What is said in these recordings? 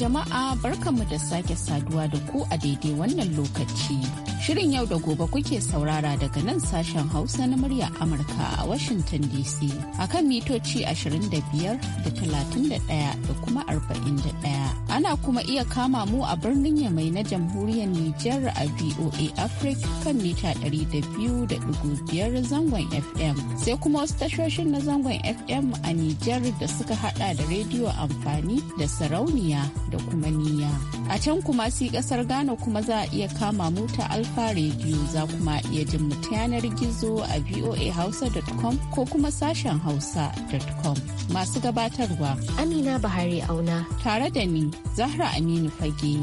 jama'a barkanmu da sake saduwa da ku a daidai wannan lokaci. Shirin yau da gobe kuke saurara daga nan sashen Hausa na murya Amurka a Washington DC akan mitoci 25 da 31 da kuma 41. Ana kuma iya kama mu a birnin Yamai na jamhuriyar Nijar a VOA Africa kan mita 200.5 zangon FM. Sai kuma wasu tashoshin na zangon FM a Nijar da suka hada da rediyo amfani da sarauniya da kuma niya. A can kuma si kasar Ghana kuma za a iya kama mu ta Alfa rediyo za kuma iya jin mu yanar gizo a voahausa.com ko kuma sashen hausa.com. Masu gabatarwa Amina Bahari Auna tare da ni Zahra Aminu Fage.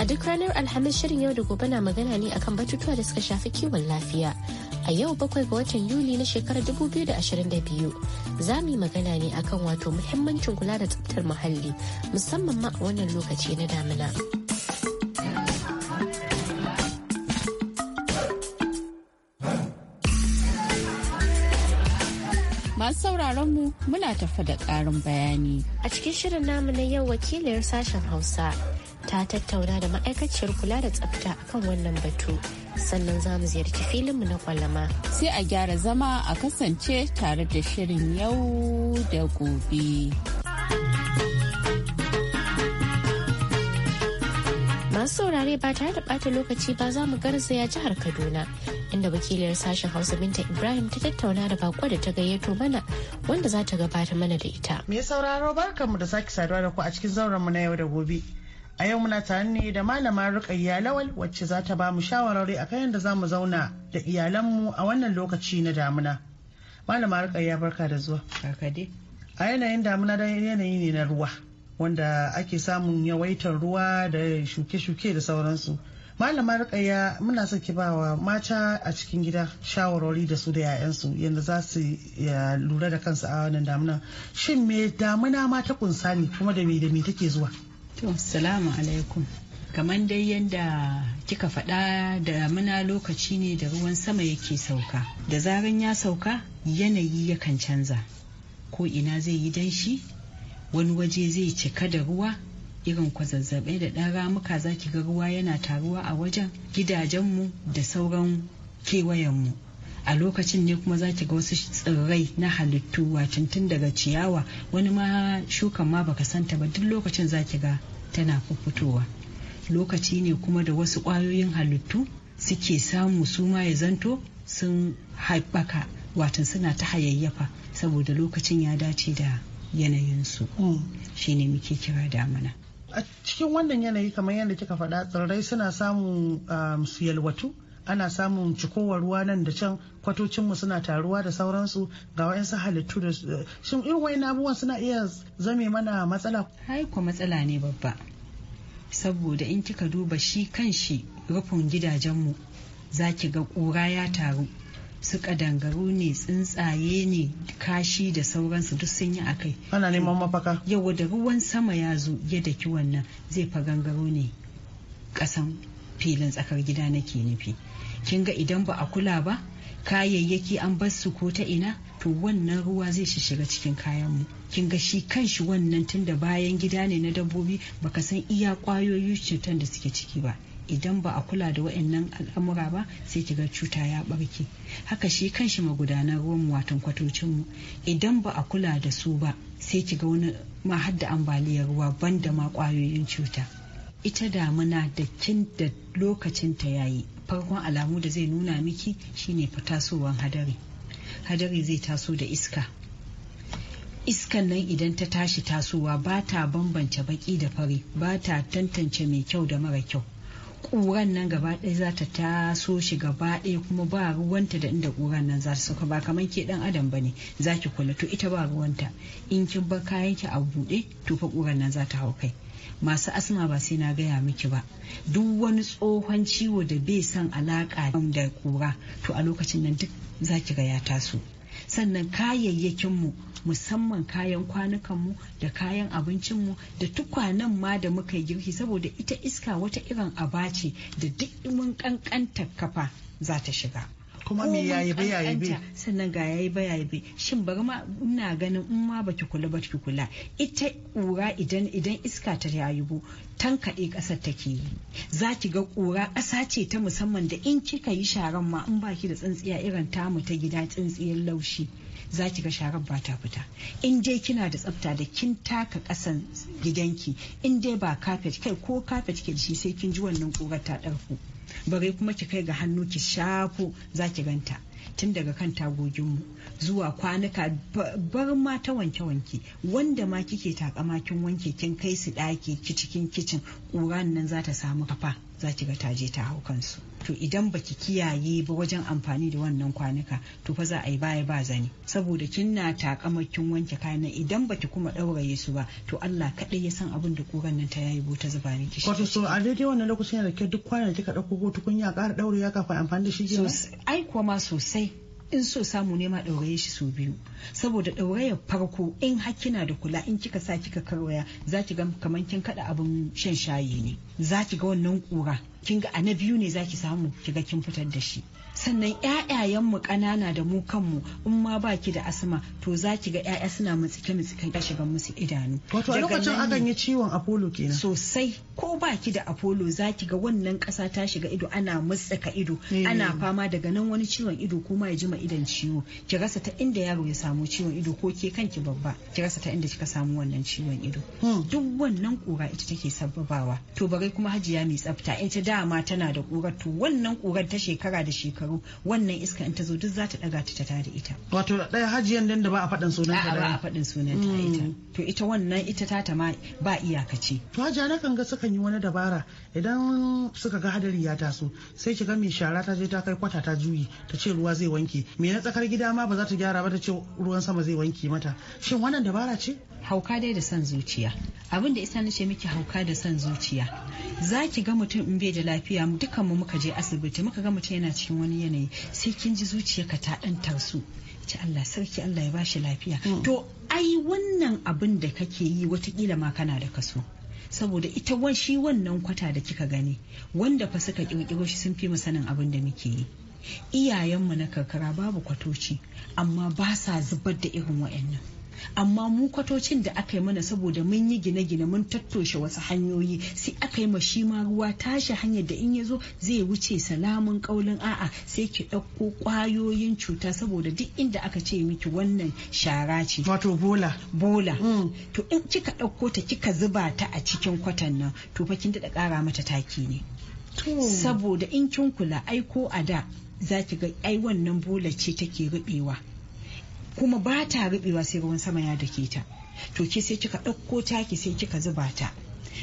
A duk ranar Alhamis shirin yau da gobe na magana ne akan batutuwa da suka shafi kiwon lafiya. a yau bakwai ga watan yuli na shekarar 2022 za mu yi magana ne akan wato muhimmancin kula da tsaftar muhalli musamman ma a wannan lokaci na damina. sauraron mu muna tafa da ƙarin bayani. A cikin shirin namu na yau wakiliyar sashen Hausa ta tattauna da ma'aikaciyar kula da tsafta akan wannan batu. Sannan za mu ziyarci mu na kwalama. Sai a gyara zama a kasance tare da shirin yau da gobe. Masu saurare ba tare da ɓata lokaci ba za mu garzaya jihar Kaduna. inda wakiliyar sashen hausa binta ibrahim ta tattauna da bako da ta gayyato mana wanda za ta gabata mana da ita me sauraro barkanmu da sake saduwa da ku a cikin zauren mu na yau da gobe a yau muna tare ne da malama rukayya lawal wacce za ta ba mu shawarwari akan yadda za mu zauna da iyalanmu a wannan lokaci na damuna malama rukayya barka da zuwa a yanayin damuna da yanayi ne na ruwa wanda ake samun yawaitar ruwa da shuke-shuke da sauransu malama rukaya muna son ki bawa mata a cikin gida shawarwari da su da 'ya'yansu yadda za su lura da kansu a wannan damuna shin me damuna ma ta kunsa ne kuma da me da me take zuwa to assalamu alaikum kamar dai yadda kika faɗa damuna lokaci ne da ruwan sama yake sauka da zaran ya sauka yanayi yakan canza ko ina zai yi danshi wani waje zai cika da ruwa irin kwazazzabe da ɗan ramuka za ki ga ruwa yana taruwa a wajen gidajenmu da sauran kewayenmu a lokacin ne kuma za ki ga wasu tsirrai na halittu wacin tun daga ciyawa wani ma shukan ma baka santa ba duk lokacin za ki ga tana fitowa lokaci ne kuma da wasu ƙwayoyin halittu suke samu su ma ya zanto sun haɓaka watan suna ta hayayyafa saboda lokacin ya dace da yanayinsu mm. shine muke kira damana a cikin wannan yanayi kamar yadda kika faɗa tsirrai suna samun um, su yalwatu ana samun cikowar ruwa nan da can kwatocinmu suna taruwa da sauransu ga wa'yansu halittu da shin irin wani suna iya zame mana matsala haiko matsala ne babba saboda in kika duba shi kan shi rufin gidajenmu za ki ga ƙura ya taru su kadangaru ne tsuntsaye ne kashi da sauransu duk sun yi a kai ana neman mafaka yawa da ruwan sama ya zo ya daki wannan zai fa gangaro ne kasan filin tsakar gida nake nufi kin ga idan ba a kula ba kayayyaki an bar su ko ta ina to wannan ruwa zai shi shiga cikin kayan mu kin ga shi kanshi wannan tunda bayan gida ne na dabbobi baka san iya kwayoyin cutar da suke ciki ba idan ba a kula da wa'annan al'amura ba sai kiga cuta ya barke haka shi kanshi magudanar ruwan watan kwatocinmu idan ba a kula da su ba sai kiga wani ma hadda ambaliyar ruwa banda ma kwayoyin cuta ita damuna da kin da lokacin ta yayi farkon alamu da zai nuna miki shine fatasowar hadari hadari zai taso da iska iskan nan idan ta tashi tasowa ba ta bambance baki da fari ba ta tantance mai kyau da mara kyau ƙuran nan gaba ɗaya za ta taso shi gaba ɗaya kuma ba ruwanta da inda ƙuran nan za ta sauka ba kamar ke ɗan adam ba ne za ki kula to ita ba ruwanta in kin bar kayan ki a buɗe to fa ƙuran nan za ta hau kai masu asma ba sai na gaya miki ba duk wani tsohon ciwo da bai san alaƙa da ƙura to a lokacin nan duk za ki ga ya taso sannan mu. musamman kayan kwanukanmu da kayan abincinmu da tukwanen ma da muka yi girki saboda ita iska wata irin ce da duk mun kankanta kafa za ta shiga. kuma me yayi ba yayi bi sannan ga yayi ba yayi bi shin bari ma ina ganin in ma baki kula baki kula ita kura idan idan iska ta yayi bu tankaɗe ƙasar take yi za ki ga ƙura ƙasa ce ta musamman da in kika yi sharan ma in baki da tsintsiya irin tamu ta gida tsintsiyar laushi za ki ga sharan ba ta fita in dai kina da tsafta da kin taka ƙasan gidanki in dai ba kafet kai ko kafet ke da shi sai kin ji wannan ƙurar ta ɗarku bare kuma ki kai ga hannu ki shafo za ki ganta tun daga kan tagoginmu zuwa kwanuka bar ma ta wanke-wanke wanda ma kike takamakin wanke kin kai su daki ki cikin kicin ƙuran nan za ta samu kafa za ki ga ta je ta hau kansu to idan baki kiyaye ba wajen amfani da wannan kwanuka to fa za a yi baya ba zani saboda kin na takamakin wanke kayan idan baki kuma ɗauraye su ba to Allah kaɗai ya san abin da ƙoran nan ta yayi bota zuba miki shi wato so a daidai wannan lokacin da ke duk kwanan da kika ɗauko ko tukunya ƙara ɗaure ya kafa amfani da shi ai kuwa sosai in so samu nema ma ɗauraye shi sau biyu saboda ɗaurayar farko in hakina da kula in kika sa kika karwaya za ki ga kamar kin kada abin shan shayi ne za ki ga wannan ƙura. kin ga a na biyu ne zaki samu kiga kin fitar da shi sannan ƴaƴayen mu ƙanana da mu kanmu in ma baki da asma to zaki ga ƴaƴa suna mutsike mutsike ya shiga musu idanu wato a lokacin akan yi ciwon apollo kenan sosai ko baki da apollo zaki ga wannan ƙasa ta shiga ido ana mutsaka ido eh. ana fama daga nan wani ciwon ido ko ma ya jima idan ciwo ki rasa ta inda yaro ya samu ciwon ido ko ke kanki babba ki rasa ta inda kika samu wannan ciwon ido hmm. duk wannan kura ita take sababawa to bare kuma hajiya mai tsafta ita dama tana da ƙurar to wannan ƙurar ta shekara da shekaru wannan iska in ta zo duk za ta ɗaga ta ta ita. Wato da ɗaya hajiyan dan da ba a faɗin sunan ta. Ba a faɗin sunan ta ita. Hmm. To ita wannan ita ta ta ma ba iyakaci. To hajiya na kan ga sukan yi wani dabara idan suka ga hadari ya taso sai ki ga mai shara ta je ta kai kwata ta juyi ta ce ruwa zai wanke me na tsakar gida ma ba za ta gyara ba ta ce ruwan sama zai wanke mata shin wannan dabara ce hauka dai da son zuciya abin da isa na ce miki hauka da son zuciya za ki ga mutum in bai da ji lafiya mu dukkan mu muka je asibiti muka ga mutum yana cikin wani yanayi sai kin ji ka ta dan tarsu ci Allah sarki Allah ya bashi lafiya hmm. to ai wannan abin da kake yi watakila ma kana da kaso saboda ita wan shi wannan kwata da kika gani wanda fa suka kirkiro shi sun fi mu sanin abin da muke yi iyayen mu na karkara babu kwatoci amma ba sa zubar da irin waɗannan amma mu kwatocin da aka yi mana saboda mun yi gine-gine mun tattoshe wasu hanyoyi sai aka yi ma shima ma ruwa tashi hanyar da in ya zo zai wuce salamun kaulin a'a sai ki ɗauko ƙwayoyin cuta saboda duk inda aka ce miki wannan shara ce wato bola bola mm. to in kika ɗauko ta kika zuba ta a cikin kwatan nan to fa kin daɗa ƙara mata taki ne saboda in kin kula aiko a da za ki ga ai wannan bola ce take ruɓewa. kuma ba ta rubewa sai ruwan sama ya dake ta to ke sai kika ɗauko taki sai kika zuba ta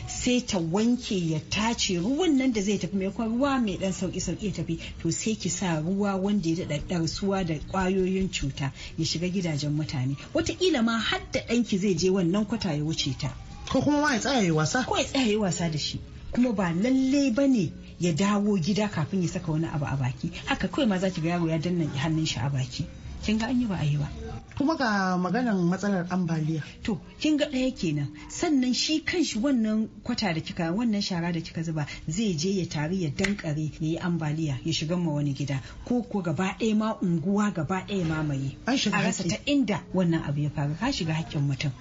sai ta wanke ya tace ruwan nan da zai tafi mai kuma ruwa mai dan sauki sauki ya tafi to sai ki sa ruwa wanda ya daɗa ɗarsuwa da ƙwayoyin cuta ya shiga gidajen mutane wataƙila ma har da ɗanki zai je wannan kwata ya wuce ta ko kuma ma ya tsaya wasa ko ya tsaya wasa da shi kuma ba lalle ba ne ya dawo gida kafin ya saka wani abu a baki haka kawai ma za ki ga yaro ya danna hannun shi a baki kin ga an yi ba a yi ba kuma ga maganar matsalar ambaliya to kin ga ɗaya kenan sannan shi kanshi wannan kwata da kika wannan shara da kika zuba zai je ya tari ya dankare ya yi ambaliya ya shiga ma wani gida ko ko gaba ɗaya ma unguwa gaba ɗaya mamaye a rasa ta inda wannan abu ya faru ka shiga hakkin mutum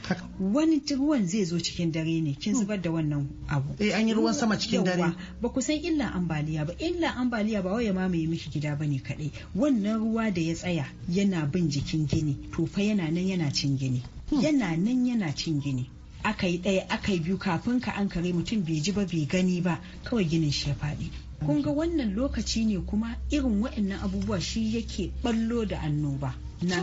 wani ruwan zai zo cikin dare ne kin hmm. zubar da wannan abu eh an yi ruwan sama cikin dare ba ku san illa ambaliya ba illa ambaliya ba wai ya mamaye miki gida bane kaɗai wannan ruwa da ya tsaya ya yana bin jikin gini to fa yana nan yana cin gini hmm. yana nan yana cin gini aka yi ɗaya aka yi biyu kafin ka an kare mutum bai ji ba bai gani ba kawai ginin shi ya faɗi kun ga wannan lokaci ne kuma irin waɗannan abubuwa shi yake ballo da annoba na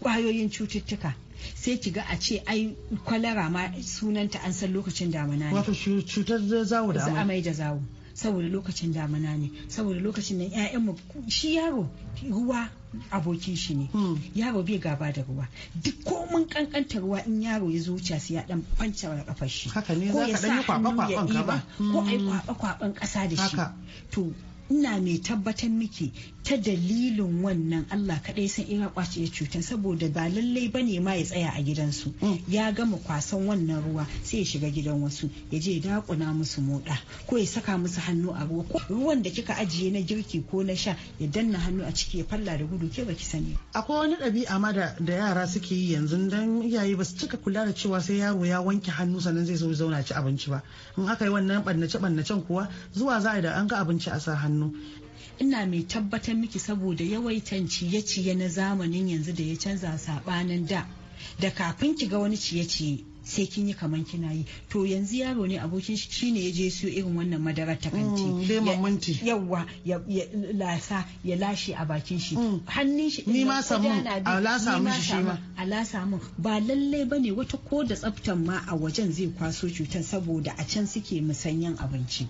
kwayoyin cututtuka sai ki ga a ce ai kwalara ma sunanta an san lokacin damana ne wato cutar da zawo da amai da zawo saboda lokacin damana ne saboda lokacin nan ƴaƴanmu shi yaro ruwa abokin shi ne hmm. yaro bai gaba da ruwa duk komin kankanta ruwa in yaro ya zuciya sai ya dan kwanta wa kafar shi haka ne za ka dan ba ko ai hmm. kwaba kwaban kasa da shi to ina mai tabbatar miki ta dalilin wannan Allah kaɗai sun iya kwace ya cutan saboda ba lallai ba ne ma ya tsaya a gidansu mm. ya gama kwasan wannan ruwa sai ya shiga gidan wasu ya je ya dakuna musu moda ko ya saka musu hannu a ruwa ruwan da kika ajiye na girki ko na sha ya danna hannu a ciki ya falla da gudu ke baki sani akwai wani ɗabi'a ma da yara suke yi yanzu dan iyaye ba su cika kula da cewa sai yaro ya wanke hannu sannan zai zo zauna ci abinci ba in aka yi wannan ɓannace ɓannacen kuwa zuwa za a da an ga abinci a sa hannu ina mai tabbatar miki saboda yawaitan ciye-ciye na zamanin yanzu da ya canza sabanin da da kafin ki ga wani ciye-ciye sai kin yi kaman kina yi to yanzu yaro ne abokin shi shine ya je siyo irin wannan madarar ta kanti mm, yawa ya lasa ya lashe a bakin shi mm. hannun shi ni ma samu a lasa shi ma a lasa ba lalle bane wata ko da tsaftan ma a wajen zai kwaso cutar saboda a can suke musanyan abinci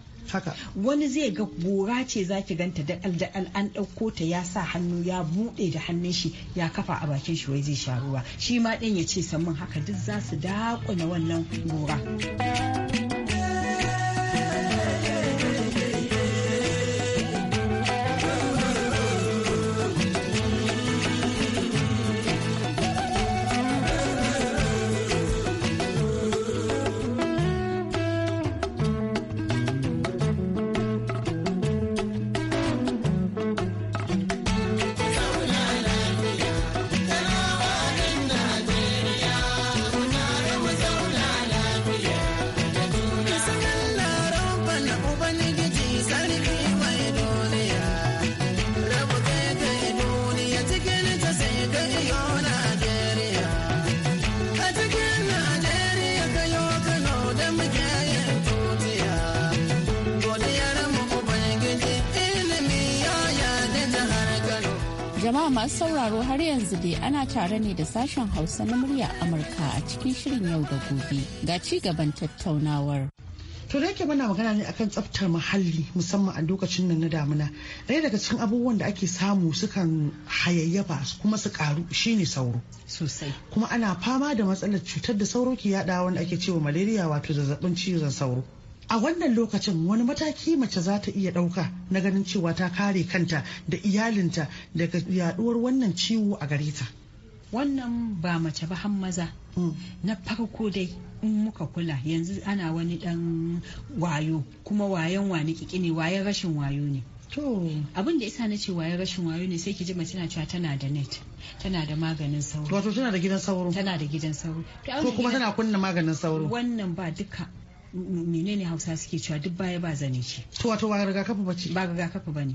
wani zai ga gora ce zaki ganta daɗal dakal an ɗauko ta ya sa hannu ya buɗe da hannun shi ya kafa a bakin shi wai zai sha ruwa shi ma ɗin ya ce samun haka duk za su daƙuna wannan gora. masu sauraro har yanzu dai ana tare ne da sashen Hausa na murya Amurka a cikin shirin yau da gobe ga ci gaban tattaunawar. To da yake muna magana ne akan tsaftar muhalli musamman a lokacin nan na damuna. Ɗaya daga cikin abubuwan da ake samu sukan hayayyafa kuma su karu shine sauro. Sosai. Kuma ana fama da matsalar cutar da sauro ke yaɗa wanda ake cewa malaria wato zazzabin cizon sauro. a wannan lokacin wani mataki mace za ta iya ɗauka na ganin cewa ta kare kanta da iyalinta daga yaduwar wannan ciwo a gare ta wannan ba mace ba han maza mm. na farko dai in muka kula yanzu ana wani dan wayo kuma wayan wani kiki ne wayan rashin wayo ne abin da isa na ce wayan rashin wayo ne sai ki ji mace na cewa tana da net tana da maganin sauro wato tana da gidan sauro tana da gidan sauro ko kuma tana kunna maganin sauro wannan ba duka menene hausa suke cewa duk baya ba zane ce to wato ba rigakafi ba ce ba rigakafi ba ne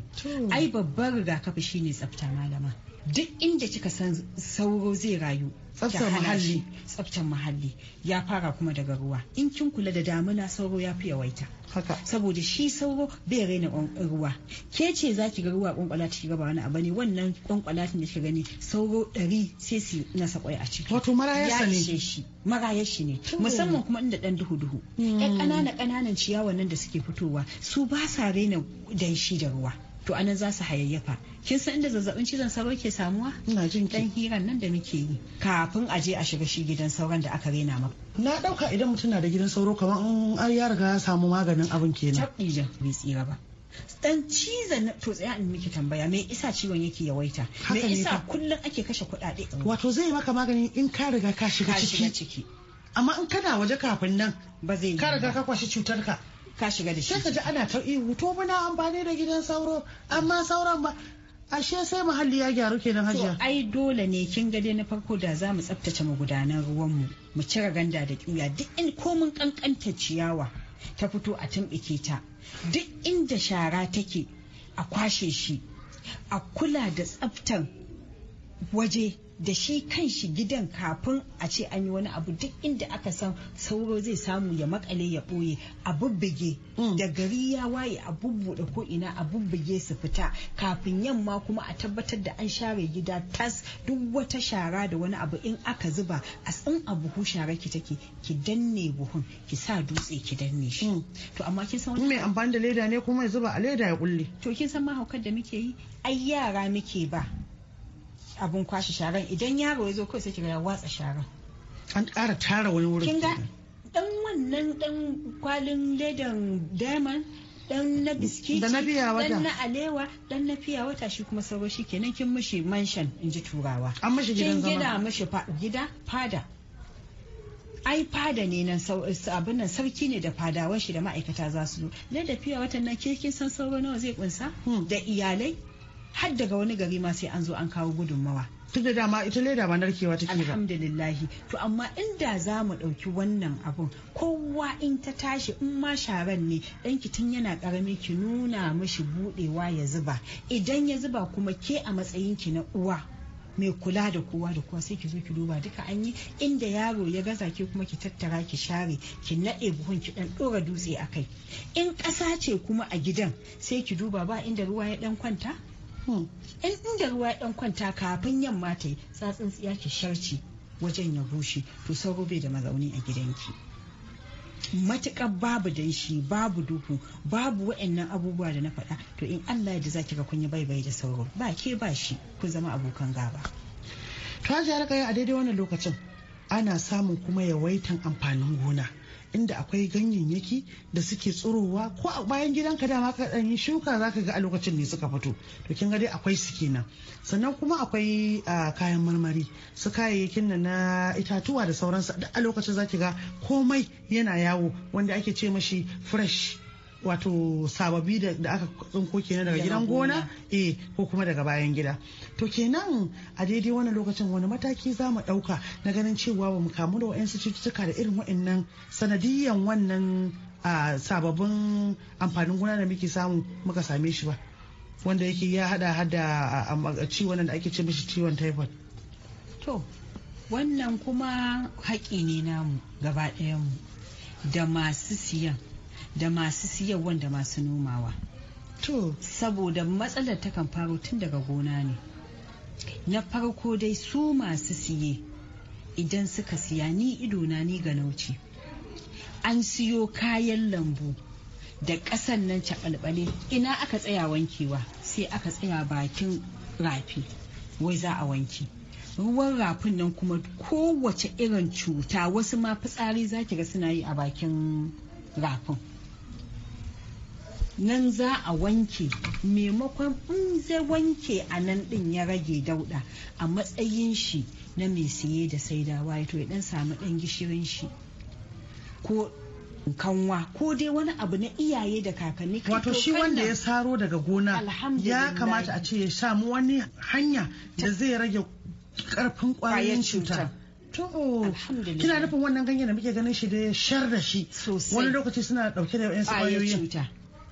ai babban rigakafi shine tsafta malama duk inda kika san sauro zai rayu tsaftar muhalli tsaftar muhalli ya fara kuma daga ruwa in kin kula da damuna sauro ya fi yawaita haka saboda shi sauro bai raina ruwa ke ce za ki ga ruwa kwankwala ta shiga ba wani abu ne wannan kwankwala da kika gani sauro ɗari sai su nasa kwai a ciki wato marayarsa ne ya shi marayar shi ne musamman kuma inda dan duhu duhu ɗan ƙanana ƙananan ciyawan nan da suke fitowa su ba sa raina danshi da ruwa to anan za su hayayyafa kin san inda zazzabin cizon sauro ke samuwa ina jin dan hiran nan da muke yi kafin a je a shiga shi gidan sauran da aka rena maka na dauka idan mutum na da gidan sauro kamar an ya riga ya samu maganin abin kenan tabbijan bai tsira ba dan cizon to tsaya in miki tambaya me isa ciwon yake yawaita me isa kullum ake kashe kuɗaɗe wato zai maka magani in ka riga ka shiga ciki amma in kana waje kafin nan ba zai ka riga ka kwashi cutar ka ka shiga da shi sai ji ana ta ihu to muna amfani da gidan sauro amma sauran ba ashe sai muhalli ya gyaru kenan hajiya ai dole ne kin ga dai na farko da za mu tsaftace magudanan ruwan mu mu cire ganda da kiya duk in komun kankanta ciyawa ta fito a tumbike ta duk inda shara take a kwashe shi a kula da tsaftan waje da shi kan shi gidan kafin a ce an yi wani abu duk inda aka san sauro zai samu ya makale ya ɓoye a bubbuge mm. da gari ya waye a bubbuɗe ko ina a bubbuge su fita kafin yamma kuma a tabbatar da an share gida tas duk wata shara da wani abu in aka zuba a tsin a buhu shara ki take ki danne buhun ki sa dutse ki danne shi mm. to amma kin san mai amfani da leda ne kuma ya zuba a leda ya kulle to kin san mahaukar da muke yi ai yara muke ba abun kwashe sharan idan yaro ya zo kawai sai kiga ya watsa sharan an ƙara tara wani wurin kin ga dan wannan dan kwalin ledan diamond dan na biskiti da na biya wata dan na alewa dan na fiya wata shi kuma sauro shi kenan kin mishi mansion in ji turawa an mishi gidan zama kin gida mishi gida fada ai fada ne nan abin nan sarki ne da fadawan shi da ma'aikata za su zo na da fiya watan nan ke kin san sauro nawa zai kunsa hmm. da iyalai har daga wani gari ma sai an zo an kawo gudunmawa tun da dama ita leda ba narkewa take ba alhamdulillahi to amma inda za mu ɗauki wannan abun kowa in ta tashi in ma sharan ne ɗanki tun yana ƙarami ki nuna mashi buɗewa ya zuba idan ya zuba kuma ke a matsayin ki na uwa mai kula da kowa da kowa sai ki zo ki duba duka an yi inda yaro ya gaza ke kuma ki tattara ki share ki naɗe buhun ki ɗan ɗora dutse a kai in ƙasa ce kuma a gidan sai ki duba ba inda ruwa ya ɗan kwanta in hmm. eh, inda ruwa ya ɗan kwanta kafin yamma ta yi tsatsin tsiya ki sharci wajen ya bushe to sauro bai da mazauni a gidanki matukar babu danshi babu duhu babu wa'annan abubuwa da na faɗa to in allah da zaki ga kunya bai bai da sauro ba ke ba shi ku zama abokan gaba ta ji a daidai wannan lokacin ana samun kuma yawaitan amfanin gona inda akwai ganyayyaki da suke tsirowa ko a bayan gidanka dama ka dan yi shuka zaka ga a lokacin ne suka fito to kin ga dai akwai su kenan sannan kuma akwai kayan marmari su kayayyakin na itatuwa da sauransu duk a lokacin zaki ga komai yana yawo wanda ake ce mashi fresh wato sababi da aka tsinko kenan daga gidan gona eh ko kuma daga bayan gida to kenan a daidai wannan lokacin wani mataki za mu dauka na ganin cewa ba mu kamu da wa'yansu cututtuka da irin wa'annan sanadiyan wannan sababbin amfanin gona da muke samu muka same shi ba wanda yake ya hada hada a ciwon da ake ce mishi ciwon typhoid to wannan kuma haƙi ne namu gaba mu da masu siyan da masu siyarwan da masu nomawa to saboda matsalar takan faro tun daga gona ne na farko dai su masu siye idan suka siya ni idona ni ga nauci an siyo kayan lambu da ƙasan nan caɓalɓale ina aka tsaya wankewa sai aka tsaya bakin rafi wai za a wanke ruwan rafin nan kuma kowace irin cuta wasu ma fitsari zaki ga suna yi a bakin rafin nan za a wanke maimakon in zai wanke a nan din ya rage dauda a matsayin shi na mai siye da saidawa ya ya dan samu dan gishirin shi ko kanwa ko dai wani abu na iyaye da kakanni wato shi wanda ya saro daga gona ya kamata a ce ya samu wani hanya da zai rage karfin kwayoyin cuta to kina nufin wannan ganyen da muke ganin shi da ya shar da shi wani lokaci suna dauke da yan kwayoyin cuta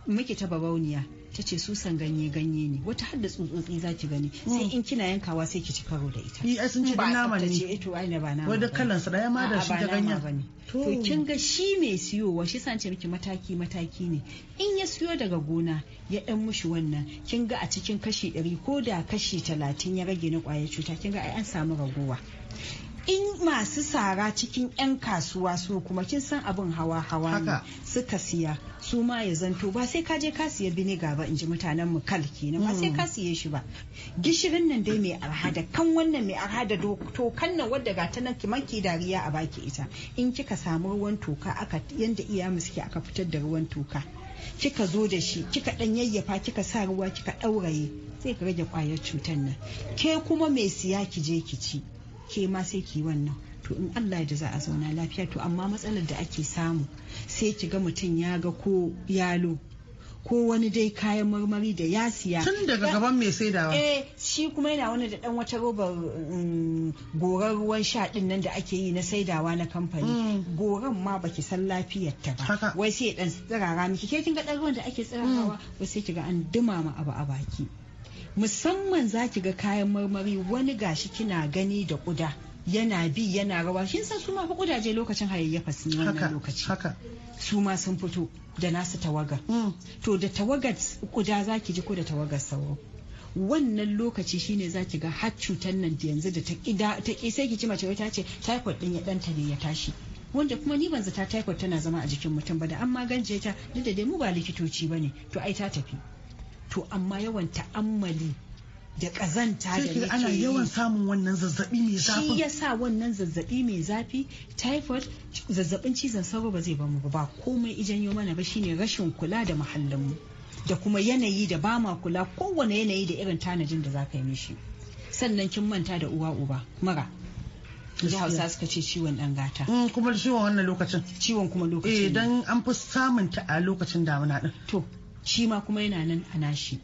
Miki ta babauniya ta ce susan ganye ganye ne wata hadda tsutsotsi za ki gani hmm. sai in kina yankawa sai ki ci karo da ita yi sun ce nama ne ce eh to ai ba wanda sa daya ma da shi ta ganya to kin ga shi mai siyowa shi san ce miki mataki mataki ne in ya siyo daga gona ya dan mushi wannan kin ga a cikin kashi 100 ko da kashi 30 ya rage na kwaye cuta kin ga ai an samu ragowa in masu sara cikin 'yan kasuwa su kuma kin san abin hawa hawa ne suka siya su ma ya zanto ba sai ka je ka siya biniga ba in ji mutanen mu kal kenan ba sai ka mm. siye shi ba gishirin nan dai mai arha da kan wannan mai arha da tokan nan wadda ga ta nan kiman ki dariya a baki ita in kika samu ruwan toka aka yanda iya mu suke aka fitar da ruwan toka kika zo da shi kika dan yayyafa kika sa ruwa kika dauraye sai ka rage kwayar cutar nan ke kuma mai siya ki je ki ci ke ma sai ki wannan to in Allah ya za a zauna lafiya to amma matsalar da ake samu sai ki ga mutum ya ga ko yalo ko wani dai kayan marmari da ya siya tun daga gaban mai saidawa eh shi kuma yana wani da dan wata robar mm, goran ruwan sha din nan da ake yi na saidawa na kamfani mm. goran ma baki san lafiyar ta ba wai sai dan tsirara miki ke kin ga dan ruwan da ake tsirarawa mm. wai sai kiga an dumama abu a baki musamman za ki ga kayan marmari wani gashi kina gani da kuda yana bi yana rawa kin san su ma fa kudaje lokacin hayayyafa sun wannan lokaci haka su ma sun fito da nasu tawaga mm. to da tawagar kuda zaki ji ko da tawagar sauro wannan lokaci shine za ki ga har cutar nan da yanzu da ta kida ta ki sai ki ci mace ta ce typhoid din ya danta ne ya tashi wanda kuma ni ban zata typhoid tana zama a jikin mutum ba da an magance ta duk da dai mu ba likitoci bane to ai ta tafi to amma yawan ta'ammali da kazanta da yake ana yawan samun wannan zazzabi mai zafi shi yasa wannan zazzabi mai zafi typhoid zazzabin cizon sauro ba zai bamu ba komai ijanyo mana ba shine rashin kula da muhallin mu. da kuma yanayi da ba ma kula kowane yanayi da irin tanajin da za ka yi mishi sannan kin manta da uwa uba mara. da hausa suka ce ciwon dan gata mm, kuma ciwon wannan lokacin ciwon kuma lokacin eh dan an fi samun ta a lokacin damuna din to shi ma kuma yana nan a nashi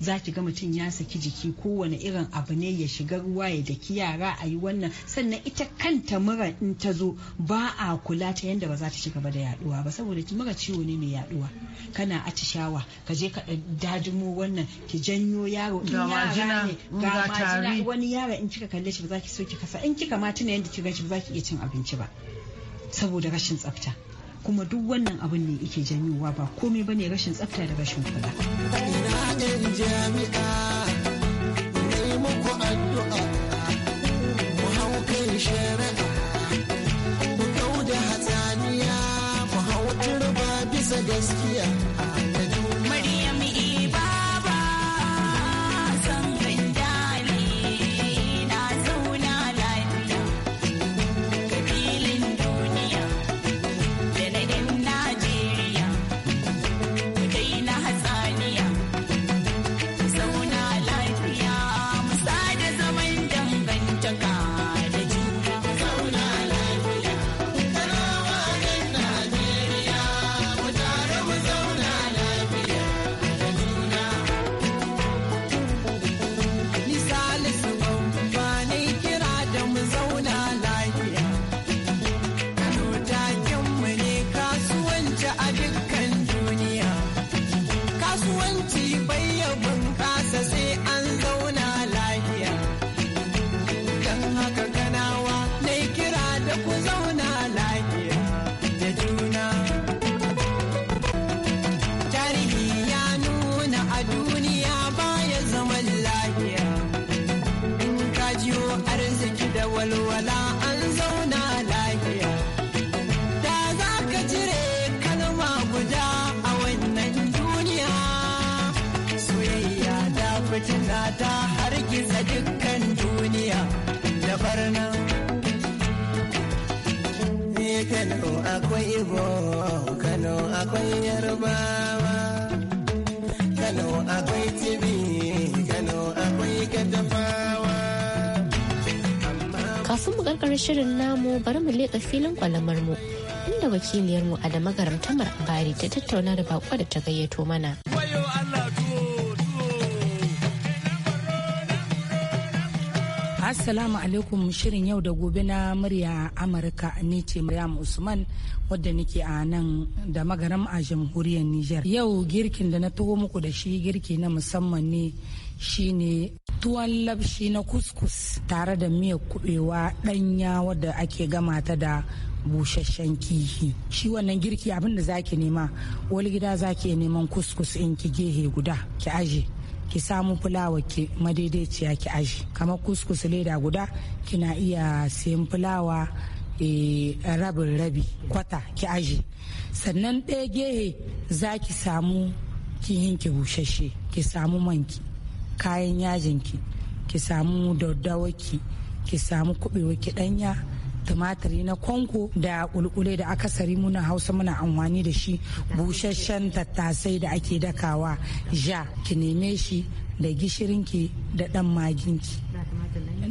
za ki ga mutum ya saki jiki kowane irin abu ne ya shiga ruwa ya daki yara a yi wannan sannan ita kanta mura in ta zo ba a kula ta yadda ba za ta ci gaba da yaduwa ba saboda mura ciwo ne mai yaduwa kana atishawa ka je ka dajimo wannan ki janyo yaro in yara ne ga majina wani yara in kika kalle shi ba za ki so ki kasa in kika ma tuna yadda kika shi ba za ki iya cin abinci ba saboda rashin tsafta kuma duk wannan abin ne yake janyowa ba komai bane rashin tsafta da rashin kula. kafin mu karkar shirin namu bari mu leƙa filin kwalamar mu inda wakiliyarmu Adama garamtamar Tamar Bari ta tattauna da bako da ta gayyato mana. Assalamu alaikum shirin yau da gobe na murya Amurka ni ce Maryam Usman wadda nake a nan da magaram a jamhuriyar Nijar. Yau girkin da na taho muku da shi girki na musamman ne shine tuwon labshi na kuskus tare da miya kubewa ɗanya wadda ake gama ta da busasshen kihi shi wannan girki abin da zaki nema wani gida zaki neman kuskus in ki gehe guda ki aje ki samu fulawa ki madaidaiciya ki aji kamar kuskus leda guda kina iya sayan fulawa eh, rabin rabi kwata ki aji sannan ɗaya gehe za ki samu kihin ki bushashe ki samu manki kayan yajinki ki samu daddawaki ki samu kuɓewa ki ɗanya tumatiri na konko da kulkule da akasari muna hausa muna amfani da shi busasshen tattasai da ake dakawa ja ki neme shi da gishirinki da dan maginki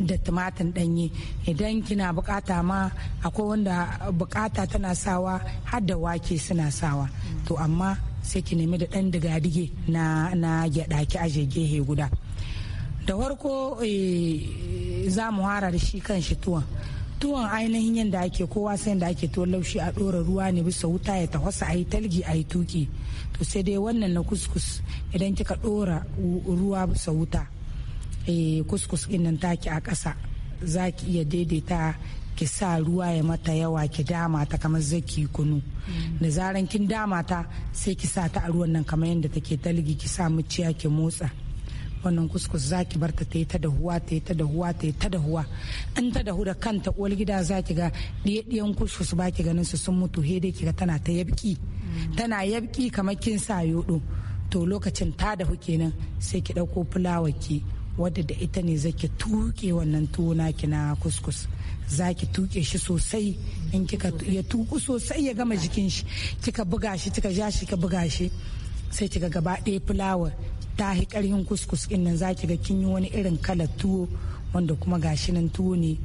da tumatin ɗanye idan kina bukata ma akwai wanda bukata tana sawa har da wake suna sawa to amma sai ki nemi da dan digadige na na gyaɗa ki aje gehe guda da farko eh, za mu hara da shi kan shi tuwon tuwon ainihin yadda ake kowa sai da ake tuwon laushi a ɗora ruwa ne bisa wuta ya tafasa a yi talgi a yi tuki to sai dai wannan na kuskus idan kika ɗora ruwa bisa wuta eh, kuskus ɗin nan taki a ƙasa za ki iya daidaita ki sa ruwa ya mata yawa ki dama ta kamar zaki kunu da zaran kin dama ta sai ki sa ta a ruwan nan kamar yadda take talgi ki sa muciya ki motsa wannan kuskus zaki bar ta ta dahuwa ta ta dahuwa ta ta dahuwa in ta dahu da kanta uwar gida zaki ga ɗiyaɗiyan kuskus ba ki ganin su sun mutu he dai kiga tana ta yabki mm. tana yabki kamar kin sa yodo to lokacin ta dahu kenan sai ki ɗauko fulawa ki wadda da ita ne zaki tuke wannan tuwo naki na kuskus za ki tuke shi sosai in kika ya tuku sosai ya gama jikin shi kika buga shi kika ja shi kika buga shi sai kika gaba ɗaya fulawar ta hi karhin kuskus din nan zaki ga kin yi wani irin kalar tuwo wanda kuma gashi nan tuwo ne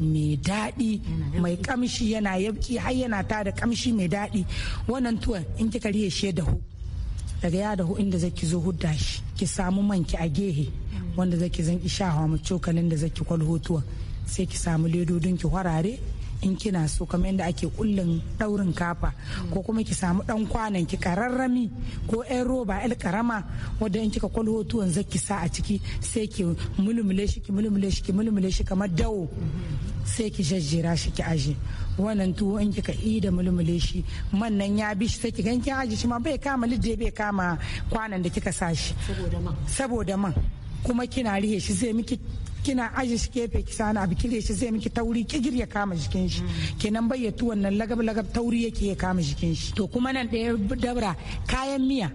mai daɗi mai kamshi yana yabki har yana ta da kamshi mai daɗi wannan tuwon in kika riye shi da hu daga ya da hu inda zaki zo hudda shi ki samu manki a gehe wanda zaki zanki shahawa mu cokalin da zaki kwalho tuwon sai ki samu ledodin ki harare in kina so kamar yadda ake kullin daurin kafa ko kuma ki samu dan kwanan ki kararrami ko yan roba el karama wanda in kika kwalho tuwon zaki sa a ciki sai ki mulmule shi ki mulmule shi ki mulmule shi kamar dawo sai ki jajjera shi ki aje wannan tuwo in kika yi da mulmule shi man nan ya bi shi sai ki ganki aje shi ma bai kama lidde bai kama kwanan da kika sa shi saboda man kuma kina rihe shi zai miki kina aje shi kefe ki sani abu kire shi zai miki tauri kigir ya kama jikin shi kenan bayyatu wannan lagab lagab tauri yake ya kama jikin shi to kuma nan ɗaya dabra kayan miya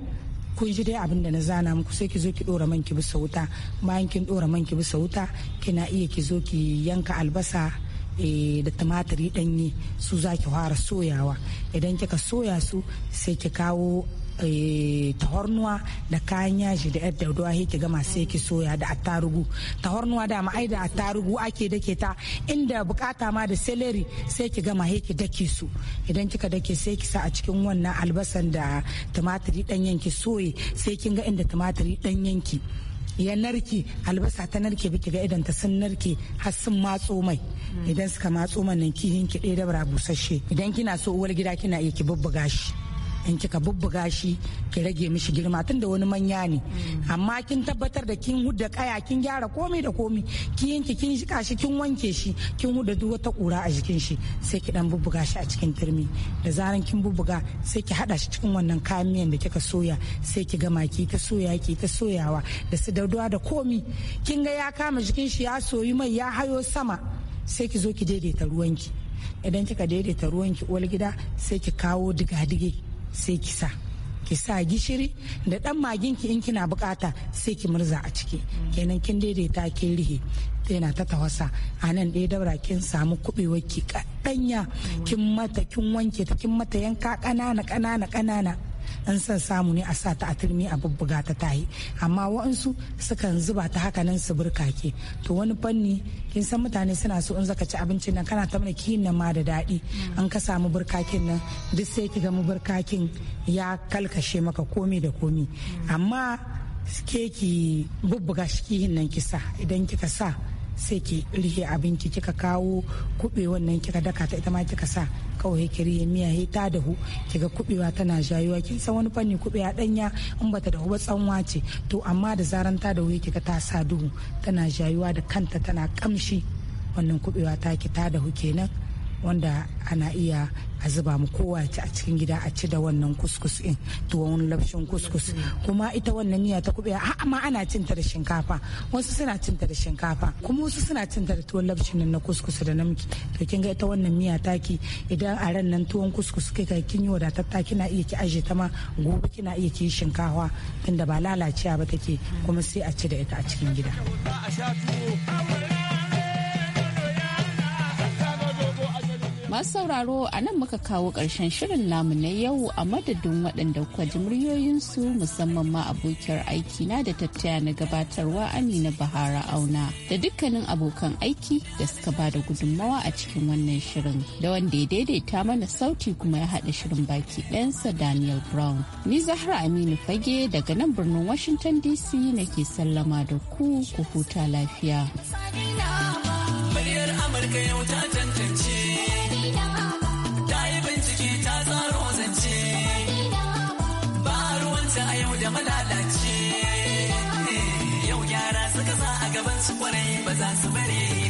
kun ji dai abin da na zana muku sai ki zo ki dora man ki bisa wuta bayan kin dora man ki bisa wuta kina iya ki zo ki yanka albasa eh, da tumatiri ɗanye su za ki fara soyawa idan kika soya su sai ki kawo Eh, tahornuwa da kayan yaji da yadda daudawa yake gama sai yake soya da attarugu tahornuwa da ma ai da attarugu ake dake ta inda bukata ma da celery sai ki gama yake dake su idan kika dake sai ki sa a cikin wannan albasan da tumatiri dan ki soye sai kin ga inda tumatiri dan ki ya narke albasa ta narke biki ga idan ta sun narke har sun matso mai idan suka matso mai nan kihin ki ɗaya da busasshe idan kina so uwar gida kina iya ki bubbuga shi in kika bubbuga shi ki rage mishi girma tun da wani manya ne mm. amma kin tabbatar da kin hudda kaya kin gyara komai da komai ki yanke kin shika shi kin wanke shi kin hudda duk wata kura a jikin shi sai ki dan bubbuga shi a cikin turmi da zaran kin bubbuga sai ki hada shi cikin wannan kayan miyan da kika soya sai ki gama ki ta soya ki ta soyawa da su daudawa da komai kin ga ya kama jikin shi ya soyi mai ya hayo sama sai ki zo ki daidaita ruwanki idan kika daidaita ruwanki uwar gida sai ki kawo diga-dige sai ki sa ki sa gishiri da dan maginki in kina bukata sai ki murza a ciki kenan kin daidaita kin rihe yana ta tawasa a nan ɗaya daura kin samu kuɓewar ki kaɗanya kin mata kin wanke ta kin mata yanka ƙanana ƙanana ƙanana an san samu ne a sa ta a turmi a bubbuga ta tayi amma wa'ansu sukan zuba ta haka nan su burkake to wani fanni kin san mutane suna so in zaka ci abincin nan kana ta mana kiyin nan ma da daɗi mm. an ka samu burkakin nan duk sai ki ga mu burkakin ya kalkashe maka komi da komi mm. amma ke ki bubbuga shi kihin nan kisa idan kika sa sai ki rike abinci kika kawo kube wannan kika daka ta ita ma kika sa kawai kiri miya ya ta dahu kiga kubewa tana jayuwa kin san wani fanni a danya in bata dahu ba tsanwa ce to amma da zaran ta dahu kiga ta sa duhu tana jayuwa da kanta tana kamshi wannan kubewa ta ki ta dahu kenan wanda ana iya a zuba mu kowa a cikin gida a ci da wannan kuskus in tuwon lafshin kuskus kuma ita wannan miya ta kube a ma ana cin ta da shinkafa wasu suna cin da shinkafa kuma wasu suna cin ta da tuwon lafshin na kuskus da namki to kin ga ita wannan miya taki idan a ran nan tuwon kuskus kai kai kin yi wadatatta kina iya ki aje ta ma gobe kina iya ki shinkafa tunda ba lalacewa ba take kuma sai a ci da ita a cikin gida. Masu sauraro a nan muka kawo ƙarshen shirin namu na yau a madadin waɗanda kuka ji muryoyinsu musamman ma abokiyar aiki na da tattaya na gabatarwa Amina Bahara Auna da dukkanin abokan aiki da suka ba da gudunmawa a cikin wannan shirin da wanda ya daidaita mana sauti kuma ya haɗa shirin baki ɗayansa Daniel Brown. Ni Zahra Aminu Fage daga nan birnin Washington DC nake sallama da ku ku huta lafiya. Muryar Amurka yau ta tantance. gaban su kwarai ba za su bare